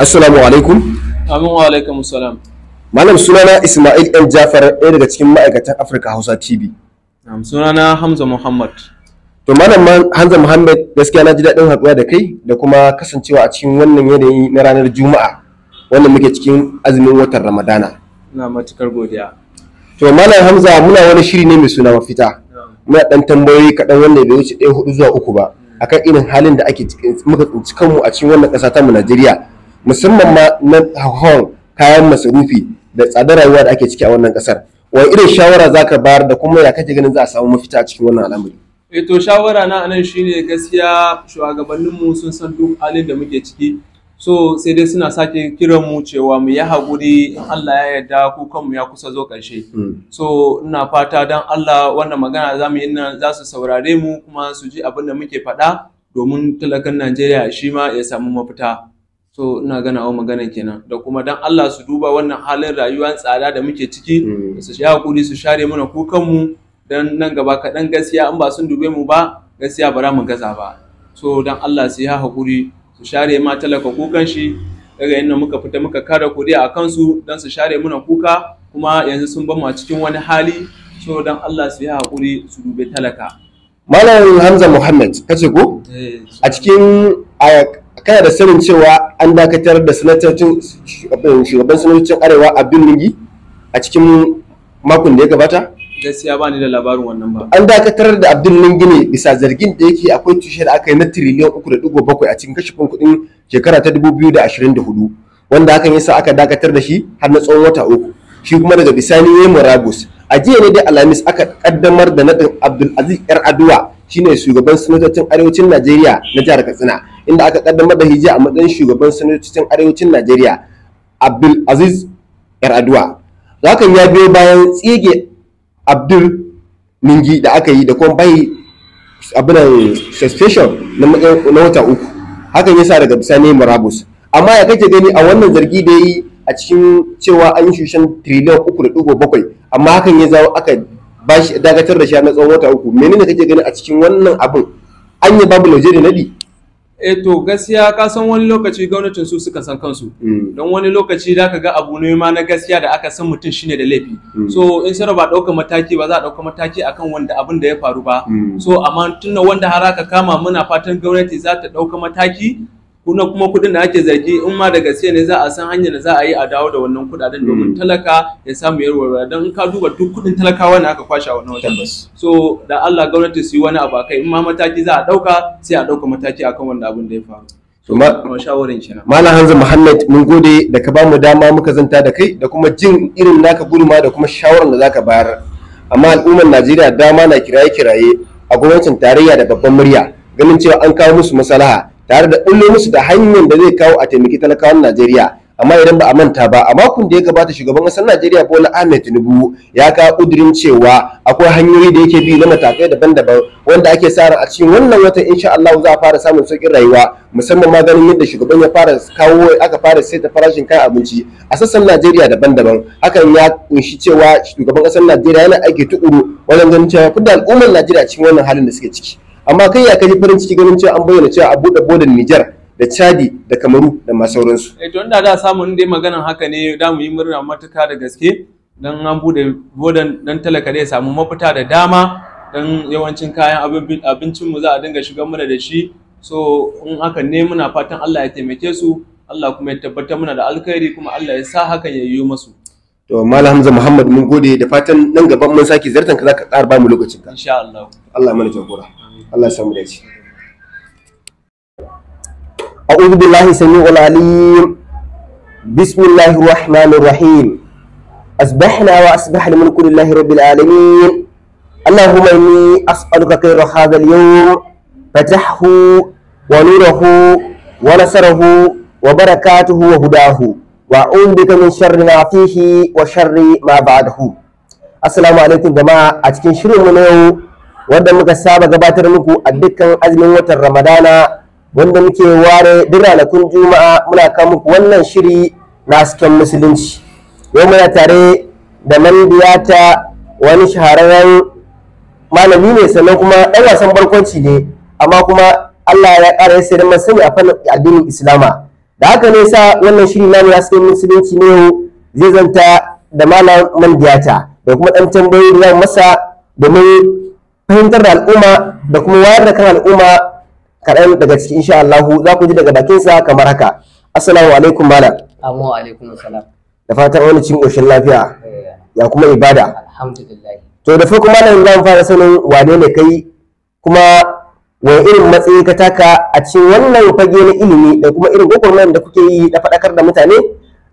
assalamu alaikum amin wa alaikum salam malam sunana ismail yan jafar ɗaya daga cikin ma'aikatan afirka hausa tv sunana hamza muhammad to malam hamza muhammad gaskiya na ji daɗin haɗuwa da kai da kuma kasancewa a cikin wannan yanayi na ranar juma'a wanda muke cikin azumin watan ramadana na matukar godiya to malam hamza muna wani shiri ne mai suna mafita muna ɗan tambayoyi kaɗan wanda bai wuce ɗaya hudu zuwa uku ba mm. akan irin halin da ake muka tsinci kanmu a cikin wannan ƙasa ta mu Najeriya musamman ma na hauhawar kayan masarufi da tsadar rayuwa da ake ciki a wannan kasar wani irin shawara za ka bayar da kuma ya kake ganin za a samu mafita a cikin wannan al'amari eh to shawara na anan shine gaskiya shugabanninmu sun san duk halin da muke ciki so sai dai suna sake kiran mu cewa mu yi haƙuri in Allah ya yarda ko mu ya kusa zo ƙarshe hmm. so ina fata dan Allah wannan magana za mu yi nan za su saurare mu kuma su ji abin da muke faɗa domin talakan Najeriya shi ma ya samu mafita so ina gana wa magana kenan da kuma dan Allah su duba wannan halin rayuwar tsada da muke ciki hmm. su ya hakuri su share mana kukan mu dan nan gaba kaɗan gaskiya in ba sun dube mu ba gaskiya ba mu gaza ba so dan Allah su ya hakuri su share ma talaka kukan shi daga inda muka fita muka kare kuɗi a kansu dan su share mana kuka kuma yanzu sun bamu a cikin wani hali so dan Allah su yi hakuri su dube talaka Malam Hamza Muhammad kace ko eh, a cikin kana da sanin cewa an dakatar da sanatocin shugaban sanatocin arewa a birnin a cikin makon da ya gabata gaskiya ba ni da labarin wannan ba an dakatar da abdul ne bisa zargin da yake akwai tushe da aka yi na tiriliyan uku da bakwai a cikin kashe kuɗin shekara ta dubu biyu da ashirin da hudu wanda hakan yasa aka dakatar da shi har na tsawon wata uku shi kuma daga bisani ya yi a jiya ne dai alhamis aka kaddamar da naɗin abdul aziz yar aduwa shine shugaban sanatocin arewacin Najeriya na jihar Katsina inda aka kaddamar da hijiya a matsayin shugaban sanatocin arewacin Najeriya Abdul Aziz Yar'adua hakan ya biyo bayan tsige Abdul Ningi da aka yi da kuma bai abinan suspension na wata uku hakan yasa daga bisani Marabus. amma ya kake gani a wannan zargi da yi a cikin cewa an yi shushen triliyan uku da dubu bakwai amma hakan ya zawo aka dakatar da shi na tsawon wata uku menene kake gani a cikin wannan abin an yi babu lauje da nadi eh to gaskiya ka san wani lokaci gwamnatin su suka san kansu hmm. don wani lokaci da ka ga abu ne ma na gaskiya da aka san mutum shine da laifi hmm. so in sai ba ɗaukar mataki ba za a ɗauka mataki akan wanda abin da ya faru ba hmm. so amma tunda wanda har aka kama muna fatan gwamnati za ta ɗauka mataki kuna kuma kuɗin da ake zargi in ma daga gaske ne za a san hanyar da za a yi a dawo da wannan kudaden domin hmm. talaka ya samu yarwar don in ka duba duk kuɗin talaka wani aka kwashe a wannan wajen so da Allah gwamnati su yi wani abu akai in ma mataki za a ɗauka sai a ɗauka mataki akan wanda abin da ya faru so ma shawarin kenan malam Hanzu Muhammad mun gode da ka bamu dama muka zanta da kai da kuma jin irin naka guduma da kuma shawaran da zaka bayar amma al'ummar Najeriya dama na kiraye-kiraye a gwamnatin tarayya da babban murya ganin cewa an kawo musu masalaha tare da bullo musu da hanyar da zai kawo a taimaki talakawan Najeriya amma idan ba a manta ba a makon da ya gabata shugaban ƙasar Najeriya Bola Ahmed Tinubu ya ka kudirin cewa akwai hanyoyi da yake bi na matakai daban-daban wanda ake sa ran a cikin wannan watan insha Allah za a fara samun sauƙin rayuwa musamman ma ganin yadda shugaban ya fara kawo aka fara saita farashin kayan abinci a sassan Najeriya daban-daban hakan ya kunshi cewa shugaban ƙasar Najeriya yana aiki tukuru wajen ganin cewa da al'ummar Najeriya cikin wannan halin da suke ciki amma kai ya kaji farin ciki ganin cewa an bayyana cewa a buɗe bodan Nijar da Chadi da Kamaru da masu sauransu. Eh to inda da samun inda magana haka ne da mu yi murna matuka da gaske dan an bude bodan dan talaka ya samu mafita da dama dan yawancin kayan abincin mu za a dinga shigar mana da shi so in haka ne muna fatan Allah ya taimake su Allah kuma ya tabbatar muna da alkhairi kuma Allah ya sa hakan ya yi masu. To Malam Hamza Muhammad mun gode da fatan nan gaban mun sake zartan ka zaka ƙara ba mu lokacin ka. Insha Allah. Allah mana jagora. Allah ya samu dace. أعوذ بالله السميع العليم بسم الله الرحمن الرحيم أصبحنا وأصبح الملك لله رب العالمين اللهم إني أسألك خير هذا اليوم فتحه ونوره ونصره وبركاته وهداه وأعوذ بك من شر ما فيه وشر ما بعده السلام عليكم جماعة أتكن شرم من يوم wadda muka saba gabatar muku a dukkan azumin watan ramadana wanda muke ware duk ranakun juma'a muna kawo muku wannan shiri na hasken musulunci yau muna tare da mandiyata wani shahararren malami ne sannan kuma ɗan wasan barkwanci ne amma kuma Allah ya ƙara yasa da masani a fannin addinin Islama da haka ne sa wannan shiri na hasken musulunci ne zai zanta da malam mandiyata da kuma ɗan tambayoyi da masa domin fahimtar da al'umma da kuma wayar da kan al'umma kaɗan daga cikin insha Allah za ku ji daga sa kamar haka assalamu alaikum bala amma alaikum assalam da fatan wani cin ƙoshin lafiya eh. ya kuma ibada alhamdulillah to da farko malam zan fara sanin wane ne kai kuma wani irin matsayi ka taka a cikin wannan fage na ilimi da kuma irin gwagwarmayar da kuke yi na faɗakar da mutane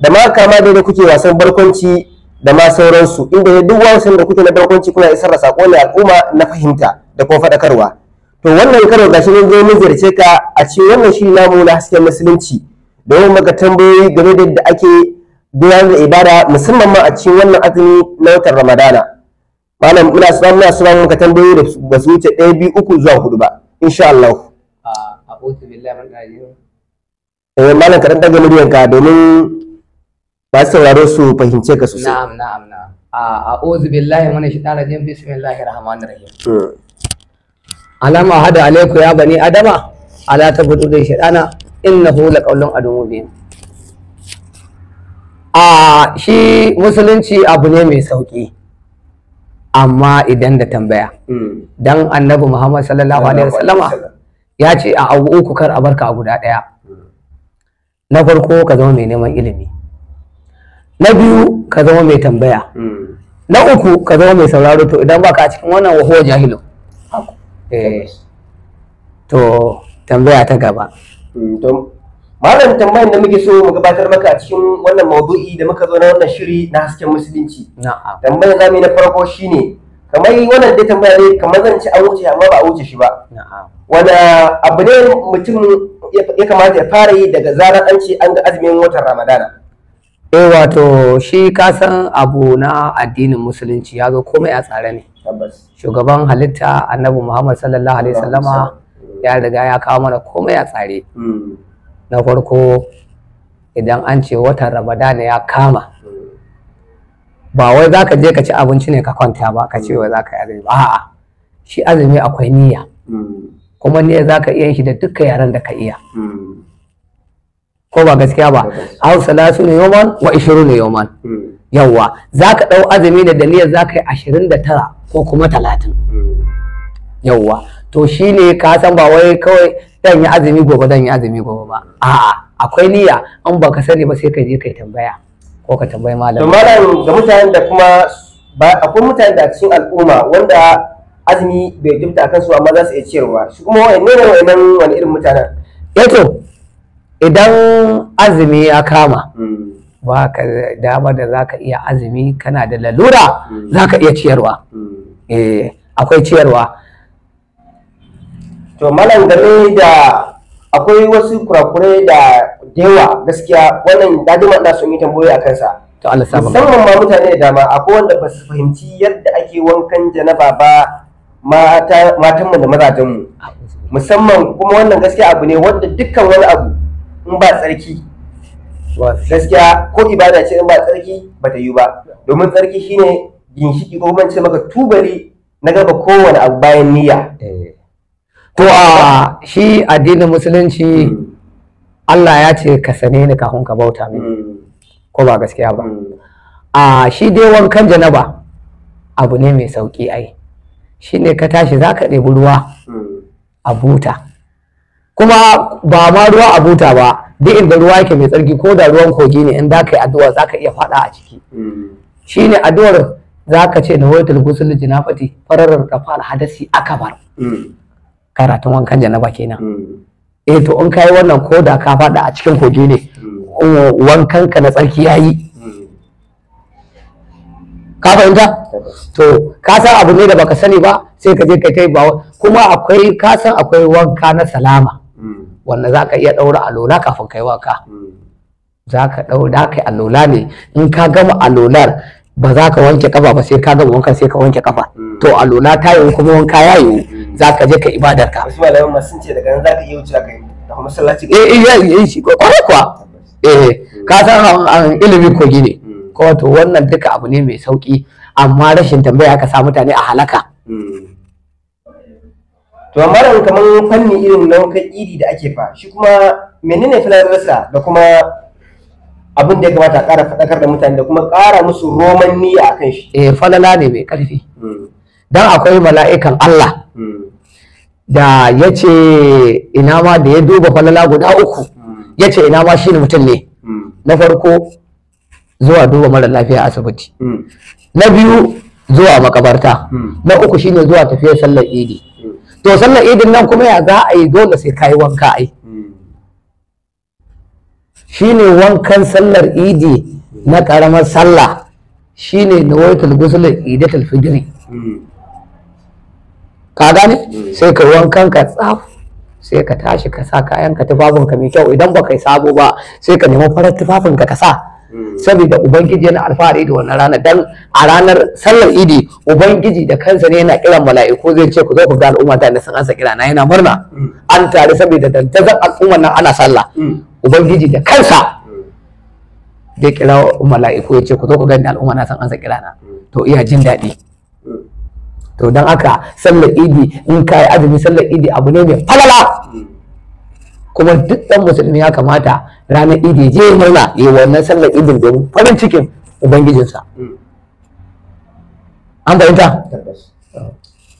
da ma kama da kuke wasan barkwanci da ma sauransu inda duk wasan da kuke na barkwanci kuna isar da saƙo ne al'umma na fahimta da kuma faɗakarwa to wannan karo gashi mun zo mun ziyarce ka a ce wannan shi namu na hasken musulunci domin maka tambayoyi game da yadda ake gudanar da ibada musamman ma a cikin wannan azumi na watan ramadana malam muna suna muna suna maka tambayoyi da ba su wuce ɗaya biyu uku zuwa hudu ba insha Allah eh malam ka dan daga ka domin ba su sauraro su fahimce ka sosai na'am na'am na'am a'udhu billahi minash shaitanir rajim bismillahir rahmanir rahim hmm. alam ahada alaiku ya bani adama ala tabudu da shaitana la laqawlun adamu bihin a shi musulunci abu ne mai sauki amma idan da tambaya hmm. dan annabi muhammad sallallahu alaihi wasallama ya ce a abu uku kar a barka a guda daya na farko ka zama mai neman ilimi na biyu ka zama mai tambaya hmm. na uku ka zama mai sauraro to idan baka cikin wannan wahuwa jahilu Eh, to tambaya ta gaba mm, malam tambayan da muke so mu gabatar maka a cikin wannan maudu'i da muka zo na wannan shiri na hasken musulunci tambayar zamu na farko shine kamar wannan dai tambaya ne kamar zan ci an wuce amma ba a wuce shi ba wanda abu ne mutum ya kamata ya fara yi daga zarar an ce an ga azumin watan ramadana e wato shi kasan abu na addinin musulunci ya zo komai a tsare ne shugaban halitta annabi muhammad sallallahu alaihi wasallama ya riga ya kawo mana komai a tsare hmm. na farko idan an ce watan ramadana ya kama ba wai za ka je ka ci abinci ne ka kwanta ba ka ce hmm. wai za ka yi azumi ba a'a shi azumi akwai niyya hmm. kuma niyya za ka iya shi da dukkan yaran da ka iya ko ba gaskiya ba aw ne yawman wa 20 yawman hmm. yawa zaka dau azumi da daniyar zaka yi 29 ko kuma 30 hmm. yawa to shine ka san ba wai kawai dan yi azumi gobe dan yi azumi gobe ba a'a akwai niyya an baka sani ba sai ka je kai tambaya ko ka tambayi malam to malam ga mutanen da kuma ba akwai mutanen da cikin al'umma wanda azumi bai dubta kansu amma za su iya ciyarwa shi kuma wai ne wayannan wani irin mutanen eh to idan azumi ya kama hmm. ba ka dama da za ka iya azumi kana da lalura hmm. za ka iya ciyarwa hmm. eh, akwai ciyarwa to malam game da akwai wasu kurakurai da yawa gaskiya wannan dadima na sun yi tambayoyi a kansa to Allah sabon musamman ma mutane da dama akwai wanda ba su fahimci yadda ake wankan janaba ba matan mu da mazajen musamman kuma wannan gaskiya abu ne wanda dukkan wani abu in ba tsarki gaskiya ko ibada ce in ba tsarki ba ta yi ba domin tsarki shine ginshiki ko ce maka tubali na gaba kowane abu bayan niyya eh. to a ah, shi addinin musulunci hmm. Allah ya ce ka sane ni kafin ka bauta mini hmm. ko ba gaskiya ba hmm. a ah, shi dai wankan janaba abu ne mai sauki ai shine ka tashi zaka ɗebi ruwa a buta kuma ba ma ruwa a buta ba duk inda ruwa yake mai tsarki ko da ruwan kogi ne in za ka yi addu'a za ka iya faɗa a ciki shine addu'ar za ka ce na waitul gusul jinafati fararar kafal hadasi akabar karatun wankan janaba kenan eh to in kai wannan ko da ka faɗa a cikin kogi ne wankan ka na tsarki yayi ka fahimta to ka san abu ne da baka sani ba sai ka je ka kai ba kuma akwai ka san akwai wanka na salama wanda za ka iya ɗaura alola kafin kai waka? za ka ɗaura kai alola ne in ka gama alolar ba za ka wanke kafa ba sai ka gama wanka sai ka wanke kafa to alola ta yi kuma wanka ya yi za ka je ka ibadar ka wasu ma sun ce daga nan za ka iya wuce ka yi da masallaci eh eh shi kwarai eh, eh ka san ah, ilimi ko ne hmm. ko to wannan duka abu ne mai sauki amma rashin tambaya ka sa mutane a halaka hmm. to amma da kamar fanni irin na iri idi da ake fa shi kuma menene rasa da kuma abin da ya kamata a ƙara faɗakar da mutane da kuma kara musu roman niyya akan shi eh falala ne mai ƙarfi hmm. dan akwai mala'ikan Allah hmm. da ya ce ina ma da ya duba falala guda uku hmm. ya ce ina ma shi ne mutum ne na farko zuwa duba mara lafiya asibiti na biyu zuwa makabarta na uku shine zuwa tafiyar sallar idi to sallar idin nan kuma ya za a yi dole sai ka yi wanka ai ne wankan sallar idi na karamar sallah shi shine wani talgusulun idatul fitri ka gane sai ka wankan ka tsaf sai ka tashi ka sa kayan ka tufafin ka mai kyau idan ba kai sabo ba sai ka nemi farar tufafin ka ka sa Hmm. saboda ubangiji yana alfahari da wannan ranar dan a ranar sallar idi ubangiji da kansa ne yana kiran mala'iku zai ce ku zo ku ga al'umma ta sun ansa kira na yana murna hmm. an tare saboda dantazan al'umma nan ana sallah hmm. ubangiji da kansa zai kira mala'iku ya ce ku zo ku ga al'umma na sun ansa kira na to iya jin daɗi to dan haka sallar idi in ka yi azumi sallar idi abu ne mai falala kuma duk dan musulmi ya kamata ranar idi je murna yi eh, wannan sallar idin domin farin cikin ubangijinsa hmm. an fahimta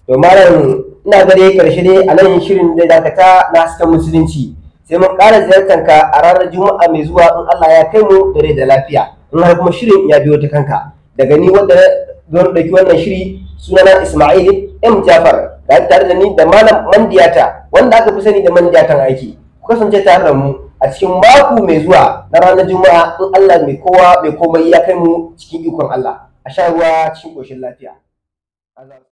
to malam ina ga dai karshe ne a nan shirin da dakata na hasken musulunci sai mun ƙara ziyartar ka a ranar juma'a mai zuwa in Allah ya kai mu da rai da lafiya in har kuma shirin ya biyo ta kanka daga ni wanda zan dauki wannan shiri sunana Ismail M Jafar da tare da ni da malam Mandiyata wanda aka fi sani da Mandiyatan aiki ku kasance tare da mu a cikin mako mai zuwa na ranar juma'a in Allah mai kowa mai komai ya kai mu cikin ikon Allah a sha ruwa cikin koshin lafiya